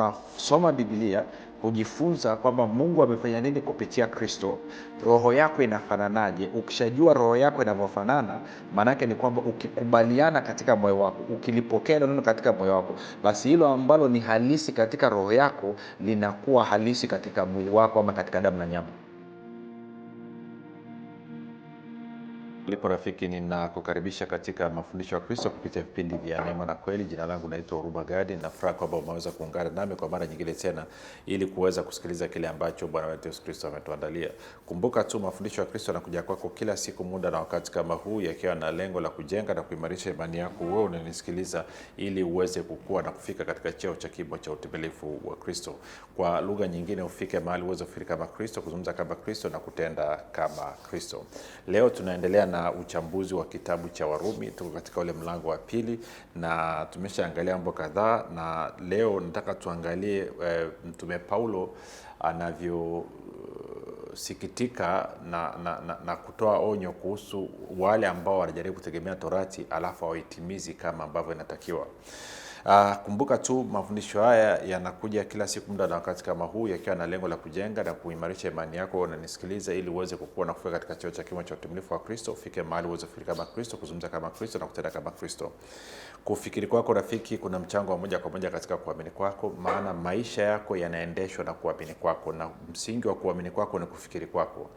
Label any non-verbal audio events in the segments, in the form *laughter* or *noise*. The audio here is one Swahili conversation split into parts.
unasoma Biblia kujifunza kwamba Mungu amefanya nini kupitia Kristo, roho yako inafananaje? Ukishajua roho yako inavyofanana, maanake ni kwamba ukikubaliana katika moyo wako, ukilipokea neno katika moyo wako, basi hilo ambalo ni halisi katika roho yako linakuwa halisi katika mwili wako ama katika damu na nyama. Lipo rafiki, ninakukaribisha katika mafundisho ya Kristo kupitia vipindi vya neema na kweli. Jina langu naitwa Huruma Gadi. na furaha kwamba umeweza kuungana nami kwa mara nyingine tena ili kuweza kusikiliza kile ambacho Bwana wetu Yesu Kristo ametuandalia. Kumbuka tu mafundisho ya Kristo yanakuja kwako kila siku, muda na wakati kama huu, yakiwa na lengo la kujenga na kuimarisha imani yako wewe unanisikiliza, ili uweze kukua na kufika katika cheo cha kimo cha utimilifu wa Kristo. Kwa lugha nyingine, ufike mahali uweze kufika kama Kristo, kuzungumza kama Kristo na kutenda kama Kristo. Leo tunaendelea na na uchambuzi wa kitabu cha Warumi. Tuko katika ule mlango wa pili na tumeshaangalia mambo kadhaa, na leo nataka tuangalie e, Mtume Paulo anavyosikitika na, na, na, na kutoa onyo kuhusu wale ambao wanajaribu kutegemea Torati alafu hawahitimizi kama ambavyo inatakiwa. Uh, kumbuka tu mafundisho haya yanakuja kila siku muda na wakati kama huu, yakiwa na lengo la kujenga na kuimarisha imani yako. Unanisikiliza ili uweze kukua na kufika katika cheo cha kimo cha utimilifu wa Kristo, ufike mahali uweze kufikiri kama Kristo, kuzungumza kama Kristo na kutenda kama Kristo. Kufikiri kwako rafiki, kuna mchango wa moja kwa moja katika kuamini kwako, maana maisha yako yanaendeshwa na kuamini kwako, na msingi wa kuamini kwako ni kufikiri kwako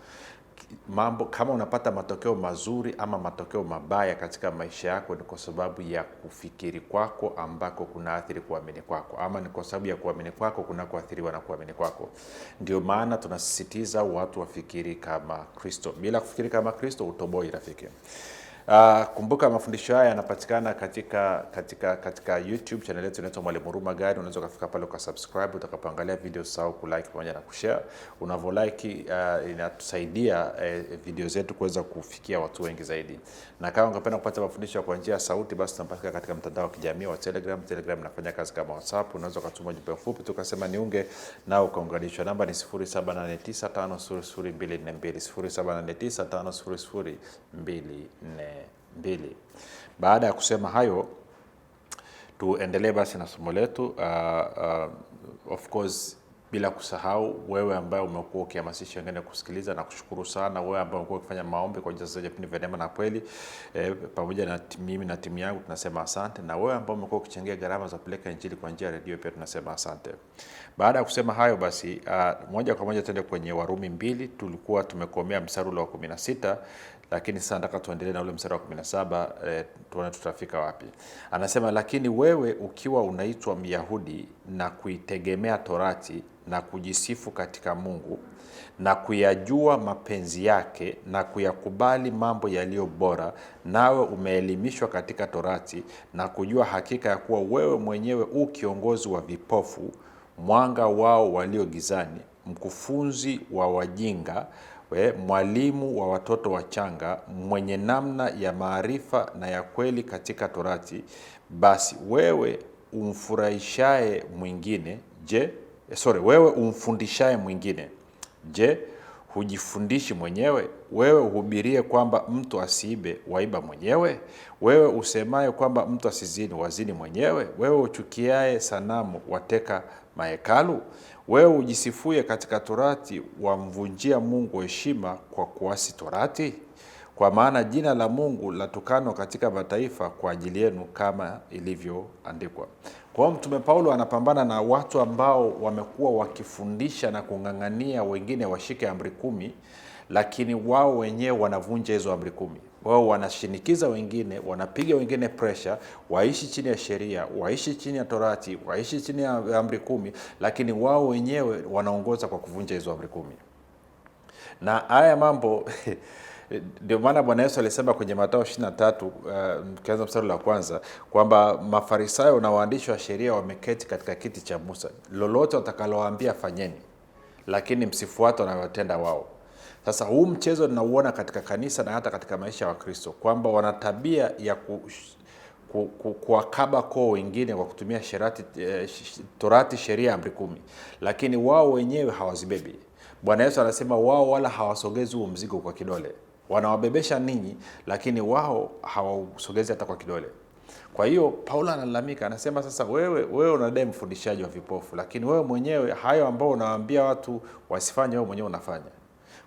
mambo kama unapata matokeo mazuri ama matokeo mabaya katika maisha yako, ni kwa sababu ya kufikiri kwako ambako kunaathiri kuamini kwako, ama ni kwa sababu ya kuamini kwako kunakoathiriwa na kuamini kwako. Ndio maana tunasisitiza watu wafikiri kama Kristo. Bila kufikiri kama Kristo, utoboi rafiki. Uh, kumbuka mafundisho haya yanapatikana katika katika katika YouTube channel yetu inaitwa Mwalimu Huruma Guide. Unaweza kufika pale kwa subscribe, utakapoangalia video sawa ku like pamoja na kushare. Unavyo like uh, ah, inatusaidia uh, video zetu kuweza kufikia watu wengi zaidi. Na kama ungependa kupata mafundisho kwa njia ya sauti, basi tunapatika katika mtandao wa kijamii wa Telegram. Telegram nafanya kazi kama WhatsApp. Unaweza kutuma ujumbe mfupi tu tukasema niunge na ukaunganishwa. Namba ni 0789500242 0789500244 mbili. Baada ya kusema hayo, tuendelee basi na somo letu uh, uh, of course bila kusahau wewe ambaye umekuwa ukihamasisha wengine kusikiliza, na kushukuru sana wewe ambaye umekuwa ukifanya maombi kwa njia za vipindi vya neema na kweli e, pamoja na mimi na timu yangu tunasema asante, na wewe ambaye umekuwa ukichangia gharama za kupeleka injili kwa njia ya redio pia tunasema asante. Baada ya kusema hayo basi, uh, moja kwa moja tuende kwenye Warumi mbili. Tulikuwa tumekomea mstari wa kumi na sita lakini sasa nataka tuendelee na ule mstari wa 17 e, eh, tuone tutafika wapi. Anasema, lakini wewe ukiwa unaitwa Myahudi na kuitegemea Torati na kujisifu katika Mungu na kuyajua mapenzi yake na kuyakubali mambo yaliyo bora, nawe umeelimishwa katika Torati na kujua hakika ya kuwa wewe mwenyewe u kiongozi wa vipofu, mwanga wao walio gizani, mkufunzi wa wajinga we, mwalimu wa watoto wachanga mwenye namna ya maarifa na ya kweli katika Torati, basi wewe umfurahishaye mwingine je, eh, sorry, wewe umfundishaye mwingine je, hujifundishi mwenyewe? Wewe uhubirie kwamba mtu asiibe, waiba mwenyewe? Wewe usemaye kwamba mtu asizini, wazini mwenyewe? Wewe uchukiaye sanamu, wateka mahekalu? wewe ujisifue katika torati, wamvunjia Mungu heshima kwa kuasi torati? Kwa maana jina la Mungu latukanwa katika mataifa kwa ajili yenu, kama ilivyoandikwa. Kwa hiyo Mtume Paulo anapambana na watu ambao wamekuwa wakifundisha na kung'ang'ania wengine washike amri kumi lakini wao wenyewe wanavunja hizo amri kumi. Wao wanashinikiza wengine, wanapiga wengine presha, waishi chini ya sheria, waishi chini ya torati, waishi chini ya amri kumi, lakini wao wenyewe wanaongoza kwa kuvunja hizo amri kumi. Na haya mambo *laughs* ndio maana Bwana Yesu alisema kwenye Mathayo 23 uh, tukianza kianza mstari la kwanza kwamba Mafarisayo na waandishi wa sheria wameketi katika kiti cha Musa, lolote watakaloambia fanyeni, lakini msifuate wanayotenda wao. Sasa huu mchezo ninauona katika kanisa na hata katika maisha ya Wakristo kwamba wana tabia ya ku, ku, ku, kuwakaba koo wengine kwa kutumia sherati, eh, torati, sheria, amri kumi, lakini wao wenyewe hawazibebi. Bwana Yesu anasema wao wala hawasogezi huo mzigo kwa kidole, wanawabebesha ninyi, lakini wao hawausogezi hata kwa kidole. Kwa hiyo Paulo analalamika, anasema sasa, wewe wewe unadai mfundishaji wa vipofu, lakini wewe mwenyewe hayo ambao unawaambia watu wasifanye, wewe mwenyewe unafanya.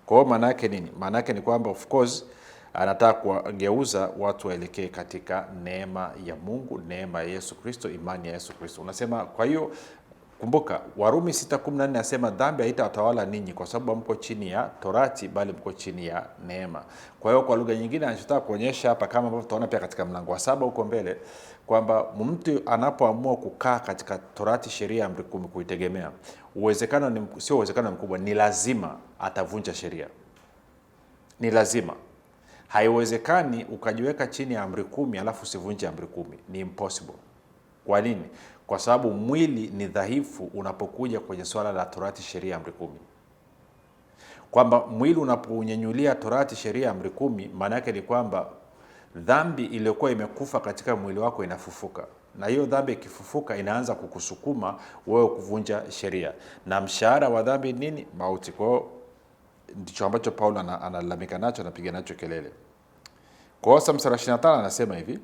Kwa hiyo maana yake nini? Maana yake ni kwamba of course anataka kuwageuza watu waelekee katika neema ya Mungu, neema ya Yesu Kristo, imani ya Yesu Kristo. Unasema kwa hiyo Kumbuka Warumi 6:14 anasema dhambi haitawatawala ninyi kwa sababu mko chini ya torati, bali mko chini ya neema. Kwa hiyo kwa lugha nyingine, anachotaka kuonyesha hapa, kama ambavyo tutaona pia katika mlango wa saba huko mbele, kwamba mtu anapoamua kukaa katika Torati, sheria, amri kumi kuitegemea, uwezekano ni, sio uwezekano mkubwa, ni lazima atavunja sheria, ni lazima Haiwezekani ukajiweka chini ya amri kumi alafu usivunje amri kumi, ni impossible. Kwa nini? Kwa sababu mwili ni dhaifu unapokuja kwenye swala la torati, sheria, amri kumi, kwamba mwili unapounyenyulia torati, sheria, amri kumi, maana yake ni kwamba dhambi iliyokuwa imekufa katika mwili wako inafufuka, na hiyo dhambi ikifufuka inaanza kukusukuma wewe kuvunja sheria, na mshahara wa dhambi nini? Mauti. kwao ndicho ambacho Paulo analalamika nacho, anapiga nacho kelele. Kwa hiyo 25 anasema hivi,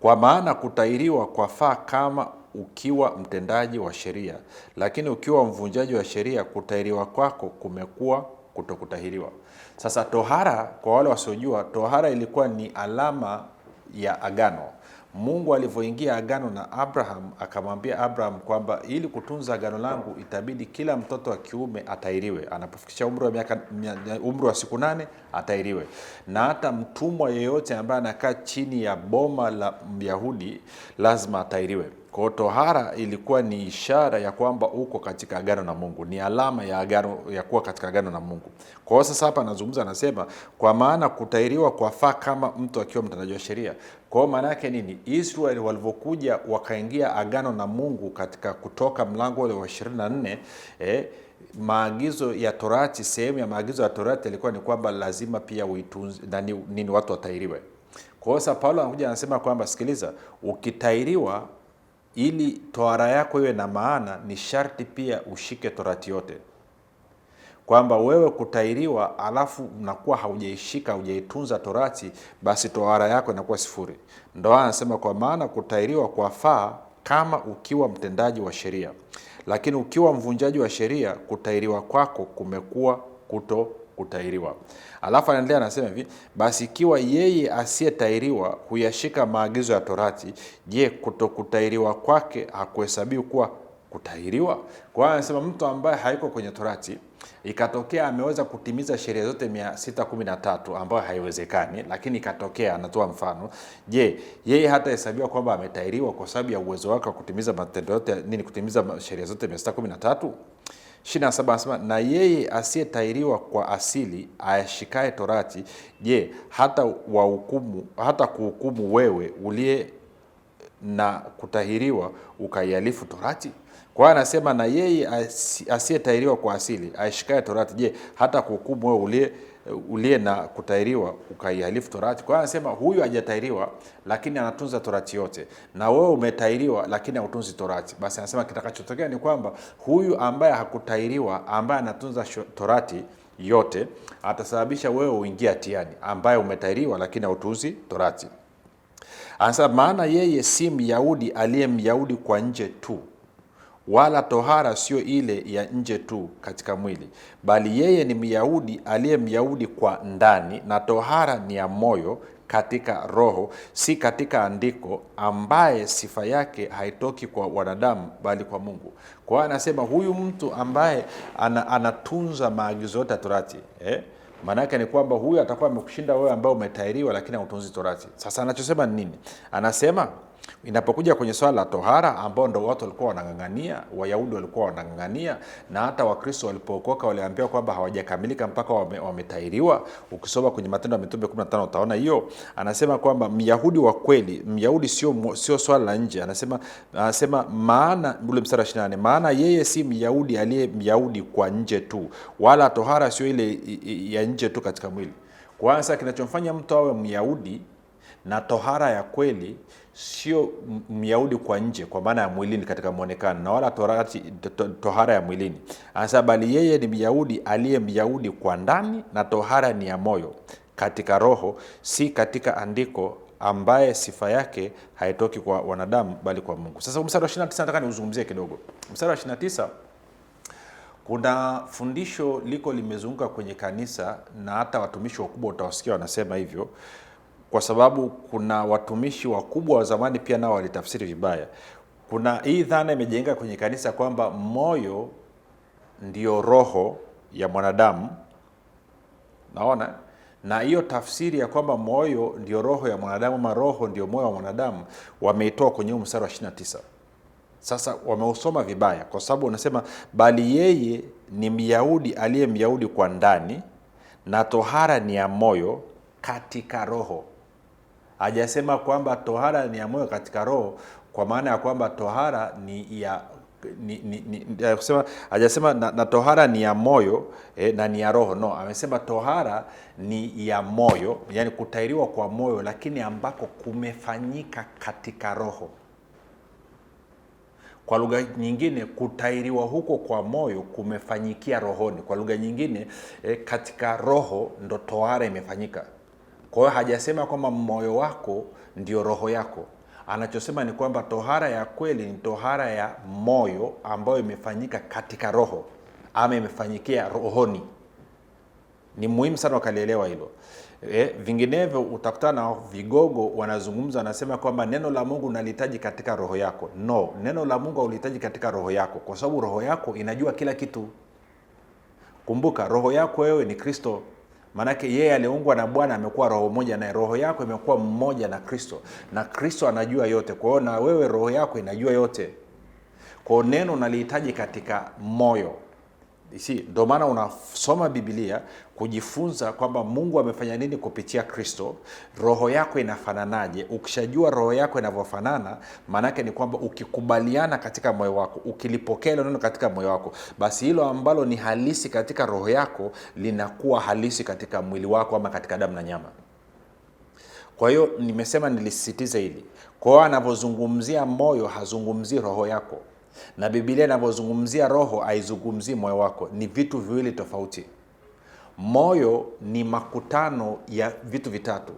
kwa maana kutairiwa kwa faa kama ukiwa mtendaji wa sheria, lakini ukiwa mvunjaji wa sheria, kutairiwa kwako kumekuwa kutokutahiriwa. Sasa tohara, kwa wale wasiojua, tohara ilikuwa ni alama ya agano. Mungu alivyoingia agano na Abraham akamwambia Abraham kwamba ili kutunza agano langu itabidi kila mtoto wa kiume atairiwe, anapofikisha umri wa miaka umri wa siku nane atairiwe, na hata mtumwa yeyote ambaye anakaa chini ya boma la Myahudi lazima atairiwe. Kwa tohara ilikuwa ni ishara ya kwamba uko katika agano na Mungu, ni alama ya agano, ya kuwa katika agano na Mungu. Kwa hiyo sasa hapa anazungumza, anasema kwa maana kutahiriwa kwafaa kama mtu akiwa mtendaji wa sheria. Kwa hiyo maana yake nini? Israel walivyokuja wakaingia agano na Mungu katika Kutoka mlango ule wa 24 eh, maagizo ya Torati, sehemu ya maagizo ya Torati yalikuwa ni kwamba lazima pia uitunze nini, watu watairiwe. Kwa hiyo sasa Paulo anakuja anasema kwamba sikiliza, ukitairiwa ili tohara yako iwe na maana, ni sharti pia ushike torati yote, kwamba wewe kutairiwa alafu unakuwa haujaishika haujaitunza torati, basi tohara yako inakuwa sifuri. Ndo anasema kwa maana kutairiwa kwa faa kama ukiwa mtendaji wa sheria, lakini ukiwa mvunjaji wa sheria, kutairiwa kwako kumekuwa kuto kutahiriwa. Alafu anaendelea anasema hivi, basi ikiwa yeye asiyetahiriwa huyashika maagizo ya Torati, je, kutokutahiriwa kwake hakuhesabiwi kuwa kutahiriwa? Kwa hiyo anasema mtu ambaye haiko kwenye Torati ikatokea ameweza kutimiza sheria zote mia sita kumi na tatu ambayo haiwezekani, lakini ikatokea, anatoa mfano. Je, yeye hatahesabiwa kwamba ametairiwa kwa sababu ya uwezo wake wa kutimiza matendo yote nini, kutimiza sheria zote mia sita kumi na tatu? ishirini na saba anasema na yeye asiyetahiriwa kwa asili ayashikae torati, je, hata wahukumu hata kuhukumu wewe uliye na kutahiriwa ukaialifu torati? Kwa hiyo anasema na yeye asiyetahiriwa kwa asili ayashikae torati, je, hata kuhukumu wewe uliye Eh, uliye na kutairiwa ukaihalifu torati. Kwa hiyo anasema huyu hajatairiwa lakini anatunza torati yote, na wewe umetairiwa lakini hautunzi torati. Basi anasema kitakachotokea ni kwamba huyu ambaye hakutairiwa, ambaye anatunza torati yote, atasababisha wewe uingie hatiani, ambaye umetairiwa lakini hautunzi torati. Anasema maana yeye si Myahudi aliye Myahudi kwa nje tu wala tohara sio ile ya nje tu katika mwili, bali yeye ni Myahudi aliye Myahudi kwa ndani, na tohara ni ya moyo katika roho, si katika andiko, ambaye sifa yake haitoki kwa wanadamu bali kwa Mungu. Kwa hiyo anasema huyu mtu ambaye ana, anatunza maagizo yote ya torati eh? Maana ni kwamba huyu atakuwa amekushinda wewe ambao umetahiriwa, lakini hautunzi torati. Sasa anachosema ni nini? Anasema Inapokuja kwenye swala la tohara, ambao ndo watu walikuwa wanang'ang'ania, Wayahudi walikuwa wanang'ang'ania, na hata Wakristo walipookoka waliambiwa kwamba hawajakamilika mpaka wametairiwa. Wame ukisoma kwenye Matendo ya Mitume 15 utaona hiyo. Anasema kwamba Myahudi wa kweli, Myahudi sio sio swala la nje. Anasema anasema maana ule mstari 28, maana yeye si Myahudi aliye Myahudi kwa nje tu, wala tohara sio ile ya nje tu katika mwili. Kwanza kinachomfanya mtu awe Myahudi na tohara ya kweli sio Myahudi kwa nje, kwa maana ya mwilini katika mwonekano, na wala torati, to, tohara ya mwilini. Anasema bali yeye ni Myahudi aliye Myahudi kwa ndani, na tohara ni ya moyo katika roho, si katika andiko, ambaye sifa yake haitoki kwa wanadamu bali kwa Mungu. Sasa mstari wa 29 nataka niuzungumzie kidogo. Mstari wa 29 kuna fundisho liko limezunguka kwenye kanisa na hata watumishi wakubwa utawasikia wanasema hivyo kwa sababu kuna watumishi wakubwa wa zamani pia nao walitafsiri vibaya. Kuna hii dhana imejenga kwenye kanisa kwamba moyo ndiyo roho ya mwanadamu, naona na hiyo tafsiri ya kwamba moyo ndio roho ya mwanadamu ama roho ndio moyo wa mwanadamu wameitoa kwenye huu mstari wa 29. Sasa wameusoma vibaya, kwa sababu wanasema bali yeye ni Myahudi aliye Myahudi kwa ndani, na tohara ni ya moyo katika roho. Hajasema kwamba tohara ni ya moyo katika roho, kwa maana ya kwamba tohara ni ya ni, ni, ni, eh, kusema hajasema na, na tohara ni ya moyo eh, na ni ya roho no. Amesema tohara ni ya moyo, yani kutairiwa kwa moyo, lakini ambako kumefanyika katika roho. Kwa lugha nyingine, kutairiwa huko kwa moyo kumefanyikia rohoni. Kwa lugha nyingine eh, katika roho ndo tohara imefanyika. Kwa hiyo hajasema kwamba moyo wako ndio roho yako. Anachosema ni kwamba tohara ya kweli ni tohara ya moyo ambayo imefanyika katika roho ama imefanyikia rohoni. Ni muhimu sana wakalielewa hilo e, vinginevyo utakutana na vigogo wanazungumza, wanasema kwamba neno la Mungu unalihitaji katika roho yako. No, neno la Mungu haulihitaji katika roho yako, kwa sababu roho yako inajua kila kitu. Kumbuka roho yako wewe ni Kristo. Maanake yeye aliungwa na Bwana amekuwa roho moja naye, roho yako imekuwa mmoja na Kristo, na Kristo anajua yote. Kwa hiyo na wewe roho yako inajua yote, kwao neno unalihitaji katika moyo si ndio maana unasoma Biblia kujifunza kwamba Mungu amefanya nini kupitia Kristo, roho yako inafananaje. Ukishajua roho yako inavyofanana, maanake ni kwamba ukikubaliana katika moyo wako, ukilipokea hilo neno katika moyo wako, basi hilo ambalo ni halisi katika roho yako linakuwa halisi katika mwili wako ama katika damu na nyama. Kwa hiyo nimesema, nilisisitiza hili. Kwa hiyo anavyozungumzia moyo, hazungumzii roho yako na bibilia inavyozungumzia roho aizungumzii moyo wako, ni vitu viwili tofauti. Moyo ni makutano ya vitu vitatu.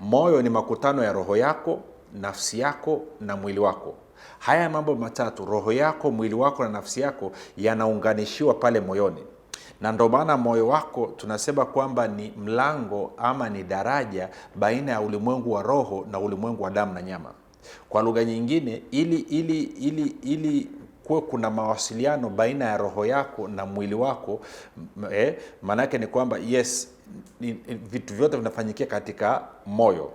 Moyo ni makutano ya roho yako, nafsi yako na mwili wako. Haya mambo matatu, roho yako, mwili wako na nafsi yako, yanaunganishiwa pale moyoni, na ndo maana moyo wako tunasema kwamba ni mlango ama ni daraja baina ya ulimwengu wa roho na ulimwengu wa damu na nyama. Kwa lugha nyingine, ili ili ili ili kuwe kuna mawasiliano baina ya roho yako na mwili wako eh, maanake ni kwamba yes, vitu vyote vinafanyikia katika moyo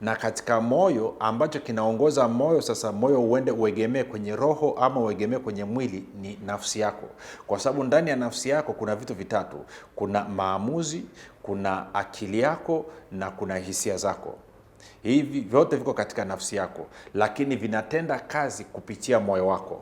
na katika moyo ambacho kinaongoza moyo sasa, moyo uende uegemee kwenye roho ama uegemee kwenye mwili, ni nafsi yako, kwa sababu ndani ya nafsi yako kuna vitu vitatu: kuna maamuzi, kuna akili yako na kuna hisia zako. Hivi vyote viko katika nafsi yako, lakini vinatenda kazi kupitia moyo wako.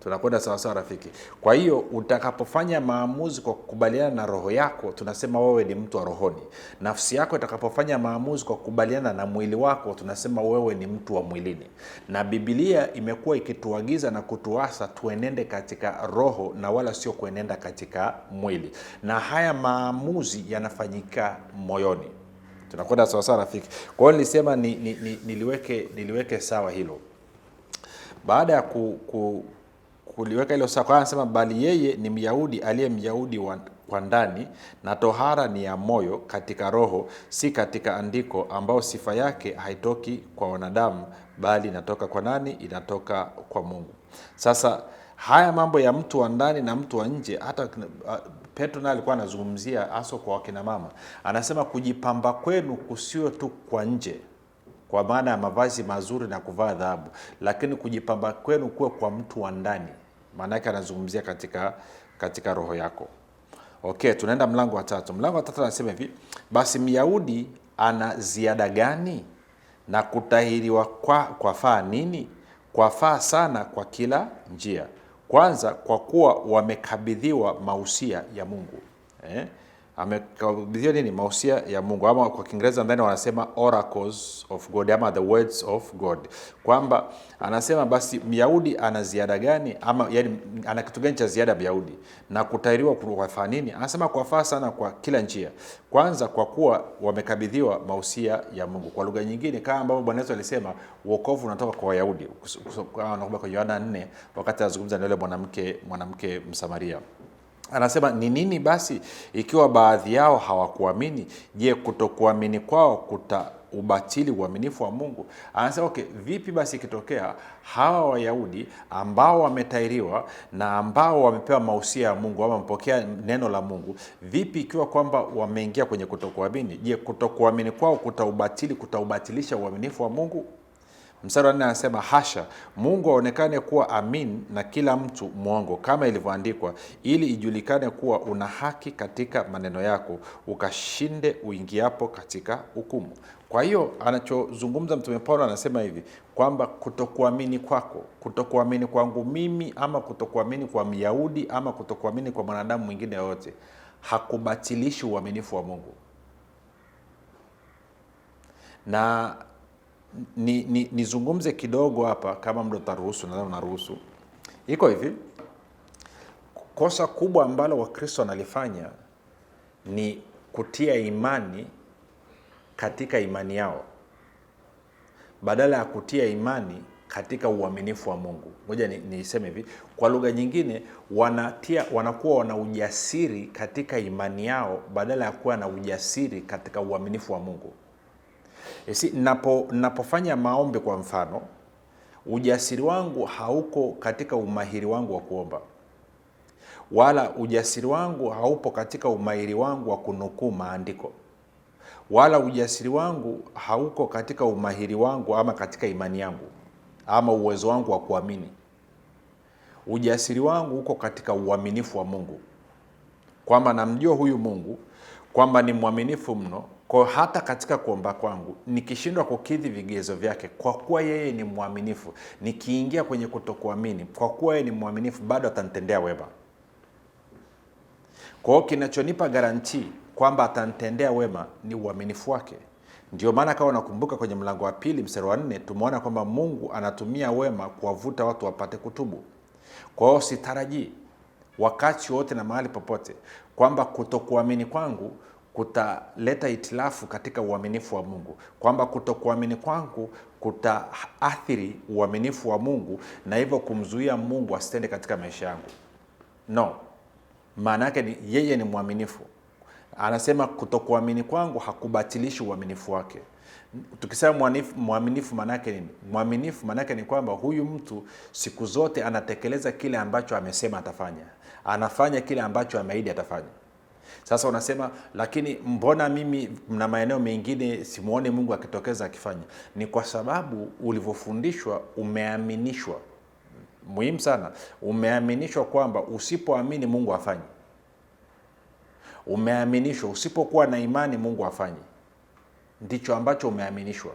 Tunakwenda sawasawa, rafiki? Kwa hiyo utakapofanya maamuzi kwa kukubaliana na roho yako, tunasema wewe ni mtu wa rohoni. Nafsi yako itakapofanya maamuzi kwa kukubaliana na mwili wako, tunasema wewe ni mtu wa mwilini. Na Bibilia imekuwa ikituagiza na kutuasa tuenende katika roho na wala sio kuenenda katika mwili, na haya maamuzi yanafanyika moyoni tunakwenda sawasawa rafiki. Kwa hiyo nilisema ni, ni, ni, niliweke, niliweke sawa hilo baada ya ku, ku, kuliweka hilo sawa. anasema bali yeye ni Myahudi aliye Myahudi wa kwa ndani na tohara ni ya moyo katika roho, si katika andiko, ambao sifa yake haitoki kwa wanadamu, bali inatoka kwa nani? Inatoka kwa Mungu. Sasa haya mambo ya mtu wa ndani na mtu wa nje hata Petro naye alikuwa anazungumzia hasa kwa wakina mama, anasema kujipamba kwenu kusio tu kwa nje kwa maana ya mavazi mazuri na kuvaa dhahabu, lakini kujipamba kwenu kuwe kwa mtu wa ndani. Maana yake anazungumzia katika, katika roho yako. Okay, tunaenda mlango wa tatu. Mlango wa tatu anasema hivi, basi Myahudi ana ziada gani na kutahiriwa kwa kwafaa nini? kwa faa sana kwa kila njia kwanza kwa kuwa wamekabidhiwa mausia ya Mungu eh? amekabidhiwa nini? Mausia ya Mungu, ama kwa Kiingereza ndani wanasema oracles of God ama the words of God, kwamba anasema basi Myahudi ana ziada gani ama yani, ana kitu gani cha ziada Myahudi na kutairiwa kwafaa nini? Anasema kwafaa sana kwa kila njia. Kwanza kwa kuwa wamekabidhiwa mausia ya Mungu. Kwa lugha nyingine, kama ambavyo Bwana Yesu alisema wokovu unatoka kwa Wayahudi, kwa Yohana 4 wakati anazungumza na yule mwanamke mwanamke Msamaria. Anasema ni nini basi ikiwa baadhi yao hawakuamini? Je, kutokuamini kwao kuta ubatili uaminifu wa Mungu? Anasema okay, vipi basi ikitokea hawa Wayahudi ambao wametairiwa na ambao wamepewa mausia ya Mungu ama wamepokea neno la Mungu, vipi ikiwa kwamba wameingia kwenye kutokuamini? Je, kutokuamini kwao kuta ubatili kutaubatilisha uaminifu wa Mungu? Mstari wa nne anasema hasha, Mungu aonekane kuwa amin na kila mtu mwongo kama ilivyoandikwa, ili ijulikane kuwa una haki katika maneno yako, ukashinde uingiapo katika hukumu. Kwa hiyo anachozungumza Mtume Paulo anasema hivi kwamba kutokuamini kwako, kutokuamini kwangu mimi, ama kutokuamini kwa Myahudi ama kutokuamini kwa mwanadamu mwingine yoyote hakubatilishi uaminifu wa Mungu na nizungumze ni, ni kidogo hapa kama mdo taruhusu, nadhani unaruhusu. Iko hivi, kosa kubwa ambalo Wakristo wanalifanya ni kutia imani katika imani yao badala ya kutia imani katika uaminifu wa Mungu. Ngoja niseme ni hivi, kwa lugha nyingine, wanatia wanakuwa wana ujasiri katika imani yao badala ya kuwa na ujasiri katika uaminifu wa Mungu. Eh, si, napo napofanya maombi kwa mfano, ujasiri wangu hauko katika umahiri wangu wa kuomba, wala ujasiri wangu haupo katika umahiri wangu wa kunukuu maandiko, wala ujasiri wangu hauko katika umahiri wangu ama katika imani yangu ama uwezo wangu wa kuamini. Ujasiri wangu uko katika uaminifu wa Mungu, kwamba namjua huyu Mungu, kwamba ni mwaminifu mno kwa hata katika kuomba kwangu nikishindwa kukidhi vigezo vyake, kwa kuwa yeye ni mwaminifu, nikiingia kwenye kutokuamini, kwa kuwa yeye ni mwaminifu, bado atanitendea wema. Kwa hiyo kinachonipa garanti kwamba atanitendea wema ni uaminifu wake. Ndio maana kawa unakumbuka kwenye mlango wa pili msero wa nne tumeona kwamba Mungu anatumia wema kuwavuta watu wapate kutubu. Kwa hiyo sitarajii wakati wote na mahali popote kwamba kutokuamini kwangu kutaleta itilafu katika uaminifu wa Mungu, kwamba kutokuamini kwangu kutaathiri uaminifu wa Mungu na hivyo kumzuia Mungu asitende katika maisha yangu. No, maana yake ni yeye ni mwaminifu. Anasema kutokuamini kwangu hakubatilishi uaminifu wake. Tukisema mwaminifu maana yake nini? Mwaminifu maana yake ni kwamba huyu mtu siku zote anatekeleza kile ambacho amesema atafanya, anafanya kile ambacho ameahidi atafanya. Sasa unasema lakini mbona mimi na maeneo mengine simuone Mungu akitokeza akifanya? Ni kwa sababu ulivyofundishwa umeaminishwa. Muhimu sana, umeaminishwa kwamba usipoamini Mungu afanye Umeaminishwa usipokuwa na imani Mungu afanye ndicho ambacho umeaminishwa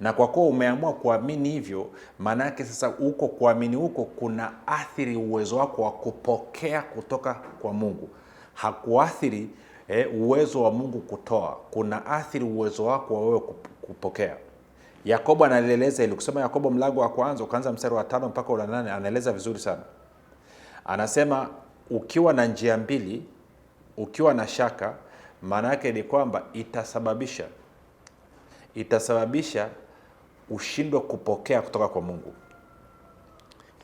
na kwa kuwa umeamua kuamini hivyo, maana yake sasa, huko kuamini huko kuna athiri uwezo wako wa kupokea kutoka kwa Mungu hakuathiri eh, uwezo wa Mungu kutoa, kuna athiri uwezo wako wa wewe kupokea. Yakobo analieleza hili kusema, Yakobo mlango wa kwanza ukaanza mstari wa tano mpaka ula nane, anaeleza vizuri sana, anasema ukiwa na njia mbili, ukiwa na shaka, maana yake ni kwamba itasababisha itasababisha ushindwe kupokea kutoka kwa Mungu.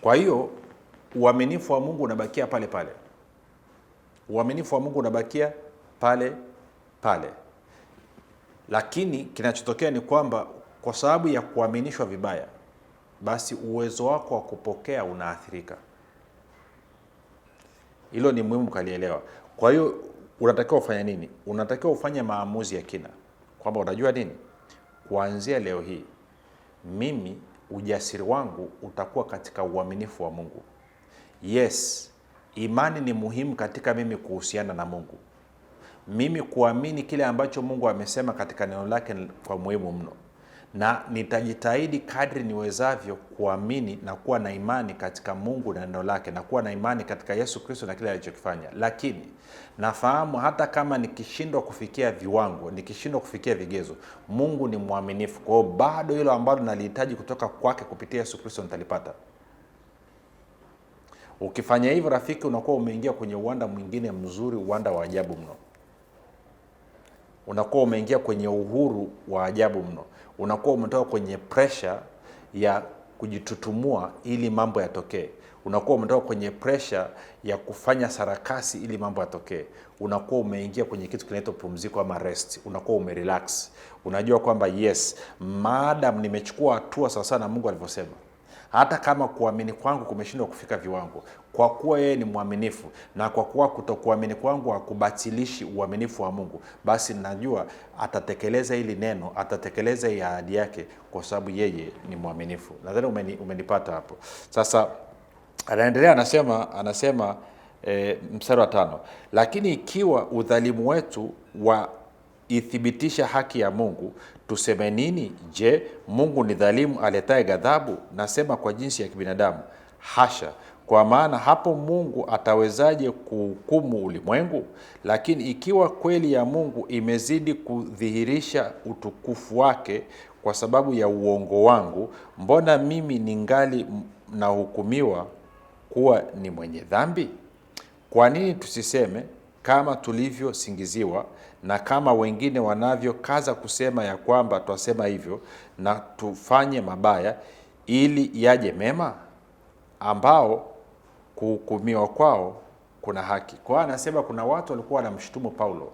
Kwa hiyo uaminifu wa Mungu unabakia pale pale, uaminifu wa Mungu unabakia pale pale, lakini kinachotokea ni kwamba kwa sababu ya kuaminishwa vibaya, basi uwezo wako wa kupokea unaathirika. Hilo ni muhimu kalielewa. Kwa hiyo unatakiwa ufanya nini? Unatakiwa ufanye maamuzi ya kina kwamba unajua nini, kuanzia leo hii mimi ujasiri wangu utakuwa katika uaminifu wa Mungu. Yes, Imani ni muhimu katika mimi kuhusiana na Mungu, mimi kuamini kile ambacho Mungu amesema katika neno lake kwa muhimu mno, na nitajitahidi kadri niwezavyo kuamini na kuwa na imani katika Mungu na neno lake na kuwa na imani katika Yesu Kristo na kile alichokifanya. Lakini nafahamu hata kama nikishindwa kufikia viwango, nikishindwa kufikia vigezo, Mungu ni mwaminifu. Kwa bado hilo ambalo nalihitaji kutoka kwake kupitia Yesu Kristo nitalipata. Ukifanya hivyo rafiki, unakuwa umeingia kwenye uwanda mwingine mzuri, uwanda wa ajabu mno. Unakuwa umeingia kwenye uhuru wa ajabu mno. Unakuwa umetoka kwenye presha ya kujitutumua ili mambo yatokee. Unakuwa umetoka kwenye presha ya kufanya sarakasi ili mambo yatokee. Unakuwa umeingia kwenye kitu kinaitwa pumziko ama rest. Unakuwa umerelax, unajua kwamba yes, maadam nimechukua hatua sawasawa na Mungu alivyosema hata kama kuamini kwangu kumeshindwa kufika viwango, kwa kuwa yeye ni mwaminifu, na kwa kuwa kutokuamini kwangu hakubatilishi uaminifu wa Mungu, basi najua atatekeleza hili neno, atatekeleza hii ahadi yake, kwa sababu yeye ni mwaminifu. Nadhani umeni, umenipata hapo. Sasa anaendelea anasema, anasema e, eh, msara wa tano, lakini ikiwa udhalimu wetu wa ithibitisha haki ya Mungu, tuseme nini? Je, Mungu ni dhalimu aletaye ghadhabu? Nasema kwa jinsi ya kibinadamu, hasha. Kwa maana hapo Mungu atawezaje kuhukumu ulimwengu? Lakini ikiwa kweli ya Mungu imezidi kudhihirisha utukufu wake kwa sababu ya uongo wangu, mbona mimi ningali nahukumiwa kuwa ni mwenye dhambi? Kwa nini tusiseme kama tulivyosingiziwa na kama wengine wanavyokaza kusema ya kwamba twasema hivyo na tufanye mabaya ili yaje mema, ambao kuhukumiwa kwao kuna haki. Kwa anasema kuna watu walikuwa wanamshutumu Paulo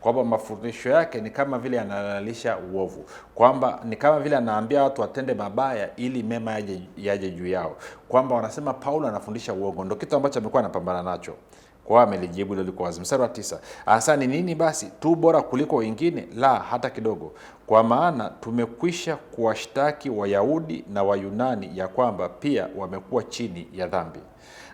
kwamba mafundisho yake ni kama vile analalisha uovu, kwamba ni kama vile anaambia watu watende mabaya ili mema yaje, yaje juu yao, kwamba wanasema Paulo anafundisha uongo. Ndio kitu ambacho amekuwa anapambana nacho. Kwa hiyo amelijibu hilo liko wazi. Mstari wa tisa, hasa ni nini basi? Tu bora kuliko wengine? La, hata kidogo. Kwa maana tumekwisha kuwashtaki Wayahudi na Wayunani ya kwamba pia wamekuwa chini ya dhambi.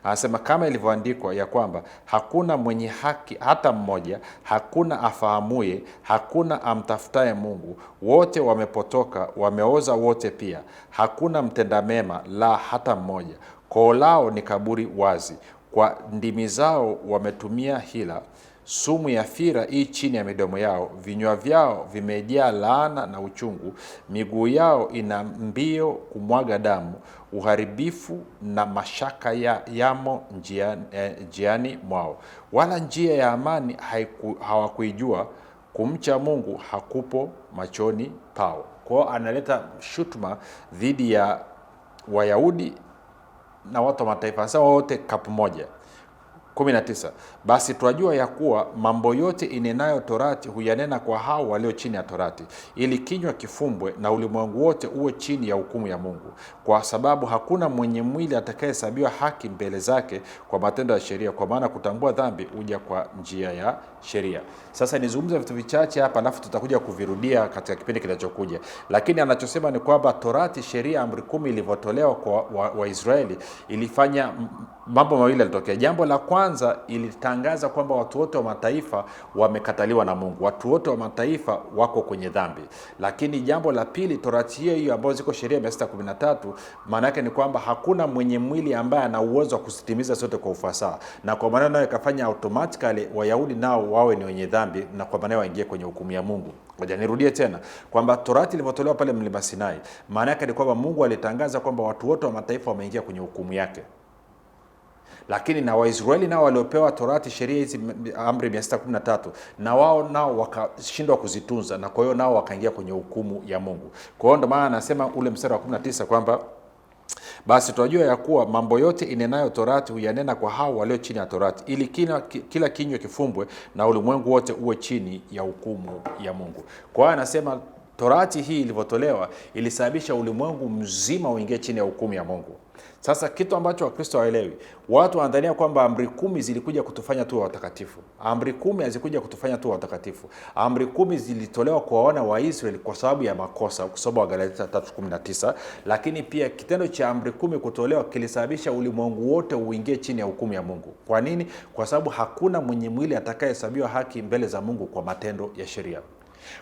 Anasema kama ilivyoandikwa ya kwamba hakuna mwenye haki hata mmoja, hakuna afahamuye, hakuna amtafutaye Mungu. Wote wamepotoka, wameoza wote pia, hakuna mtenda mema, la hata mmoja. Koo lao ni kaburi wazi, kwa ndimi zao wametumia hila, sumu ya fira hii chini ya midomo yao, vinywa vyao vimejaa laana na uchungu, miguu yao ina mbio kumwaga damu, uharibifu na mashaka ya yamo njiani, eh, njiani mwao, wala njia ya amani haiku, hawakuijua kumcha Mungu hakupo machoni pao. Kwao analeta shutuma dhidi ya Wayahudi na watu wa mataifa sasa wote kapu moja 19 Basi twajua ya kuwa mambo yote inenayo torati huyanena kwa hao walio chini ya torati, ili kinywa kifumbwe na ulimwengu wote uwe chini ya hukumu ya Mungu, kwa sababu hakuna mwenye mwili atakayehesabiwa haki mbele zake kwa matendo ya sheria, kwa maana kutambua dhambi huja kwa njia ya sheria. Sasa nizungumza vitu vichache hapa, alafu tutakuja kuvirudia katika kipindi kinachokuja, lakini anachosema ni kwamba torati, sheria, amri kumi ilivyotolewa kwa Waisraeli wa ilifanya mambo mawili yalitokea. Jambo la kwanza kwanza ilitangaza kwamba watu wote wa mataifa wamekataliwa na Mungu, watu wote wa mataifa wako kwenye dhambi. Lakini jambo la pili, torati hiyo hiyo ambayo ziko sheria mia sita kumi na tatu maana yake ni kwamba hakuna mwenye mwili ambaye ana uwezo wa kuzitimiza zote kwa ufasaha, na kwa maana nayo ikafanya automatically Wayahudi nao wawe ni wenye dhambi, na kwa maana waingie kwenye hukumu ya Mungu. Ngoja nirudie tena kwamba torati ilipotolewa pale mlima Sinai, maana yake ni kwamba Mungu alitangaza kwamba watu wote wa mataifa wameingia kwenye hukumu yake lakini na Waisraeli nao waliopewa Torati, sheria hizi, amri 613 na wao nao wakashindwa kuzitunza, na kwa hiyo nao wakaingia kwenye hukumu ya Mungu. Kwa hiyo ndio maana anasema ule mstari wa 19 kwamba basi tunajua ya kuwa mambo yote inenayo Torati huyanena kwa hao walio chini ya Torati, ili kila, kila kinywa kifumbwe na ulimwengu wote uwe chini ya hukumu ya Mungu. Kwa hiyo anasema Torati hii ilivyotolewa ilisababisha ulimwengu mzima uingie chini ya hukumu ya Mungu. Sasa kitu ambacho Wakristo hawaelewi, watu wanadhania kwamba amri kumi zilikuja kutufanya tu watakatifu. Amri kumi hazikuja kutufanya tu watakatifu. Amri kumi zilitolewa kwa wana wa Israeli kwa sababu ya makosa, ukisoma Wagalatia 3:19. Lakini pia kitendo cha amri kumi kutolewa kilisababisha ulimwengu wote uingie chini ya hukumu ya Mungu. Kwa nini? Kwa sababu hakuna mwenye mwili atakayehesabiwa haki mbele za Mungu kwa matendo ya sheria.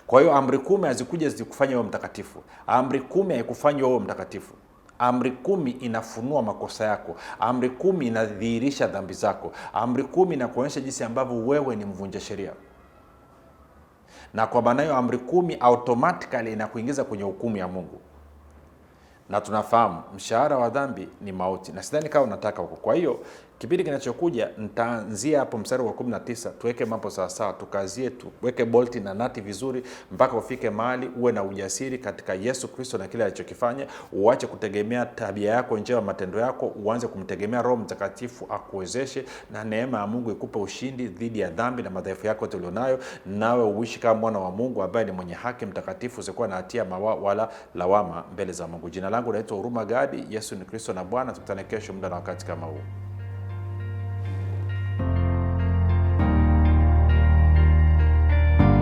Kwa hiyo amri kumi hazikuja zikufanya wewe mtakatifu. Amri kumi haikufanya wewe mtakatifu. Amri kumi inafunua makosa yako. Amri kumi inadhihirisha dhambi zako. Amri kumi inakuonyesha jinsi ambavyo wewe ni mvunja sheria, na kwa maana hiyo amri kumi automatically inakuingiza kwenye hukumu ya Mungu, na tunafahamu mshahara wa dhambi ni mauti, na sidhani kama unataka huko. Kwa hiyo Kipindi kinachokuja nitaanzia hapo mstari wa 19, tuweke mambo sawasawa, tukazie, tuweke bolti na nati vizuri mpaka ufike mahali uwe na ujasiri katika Yesu Kristo na kile alichokifanya. Uache kutegemea tabia yako njema, matendo yako, uanze kumtegemea Roho Mtakatifu akuwezeshe, na neema ya Mungu ikupe ushindi dhidi ya dhambi na madhaifu yako yote ulionayo, nawe uishi kama mwana wa Mungu ambaye ni mwenye haki, mtakatifu, usikuwa na hatia mawa wala lawama mbele za Mungu. Jina langu naitwa Huruma Gadi. Yesu ni Kristo na Bwana. Tukutane kesho muda na wakati kama huu.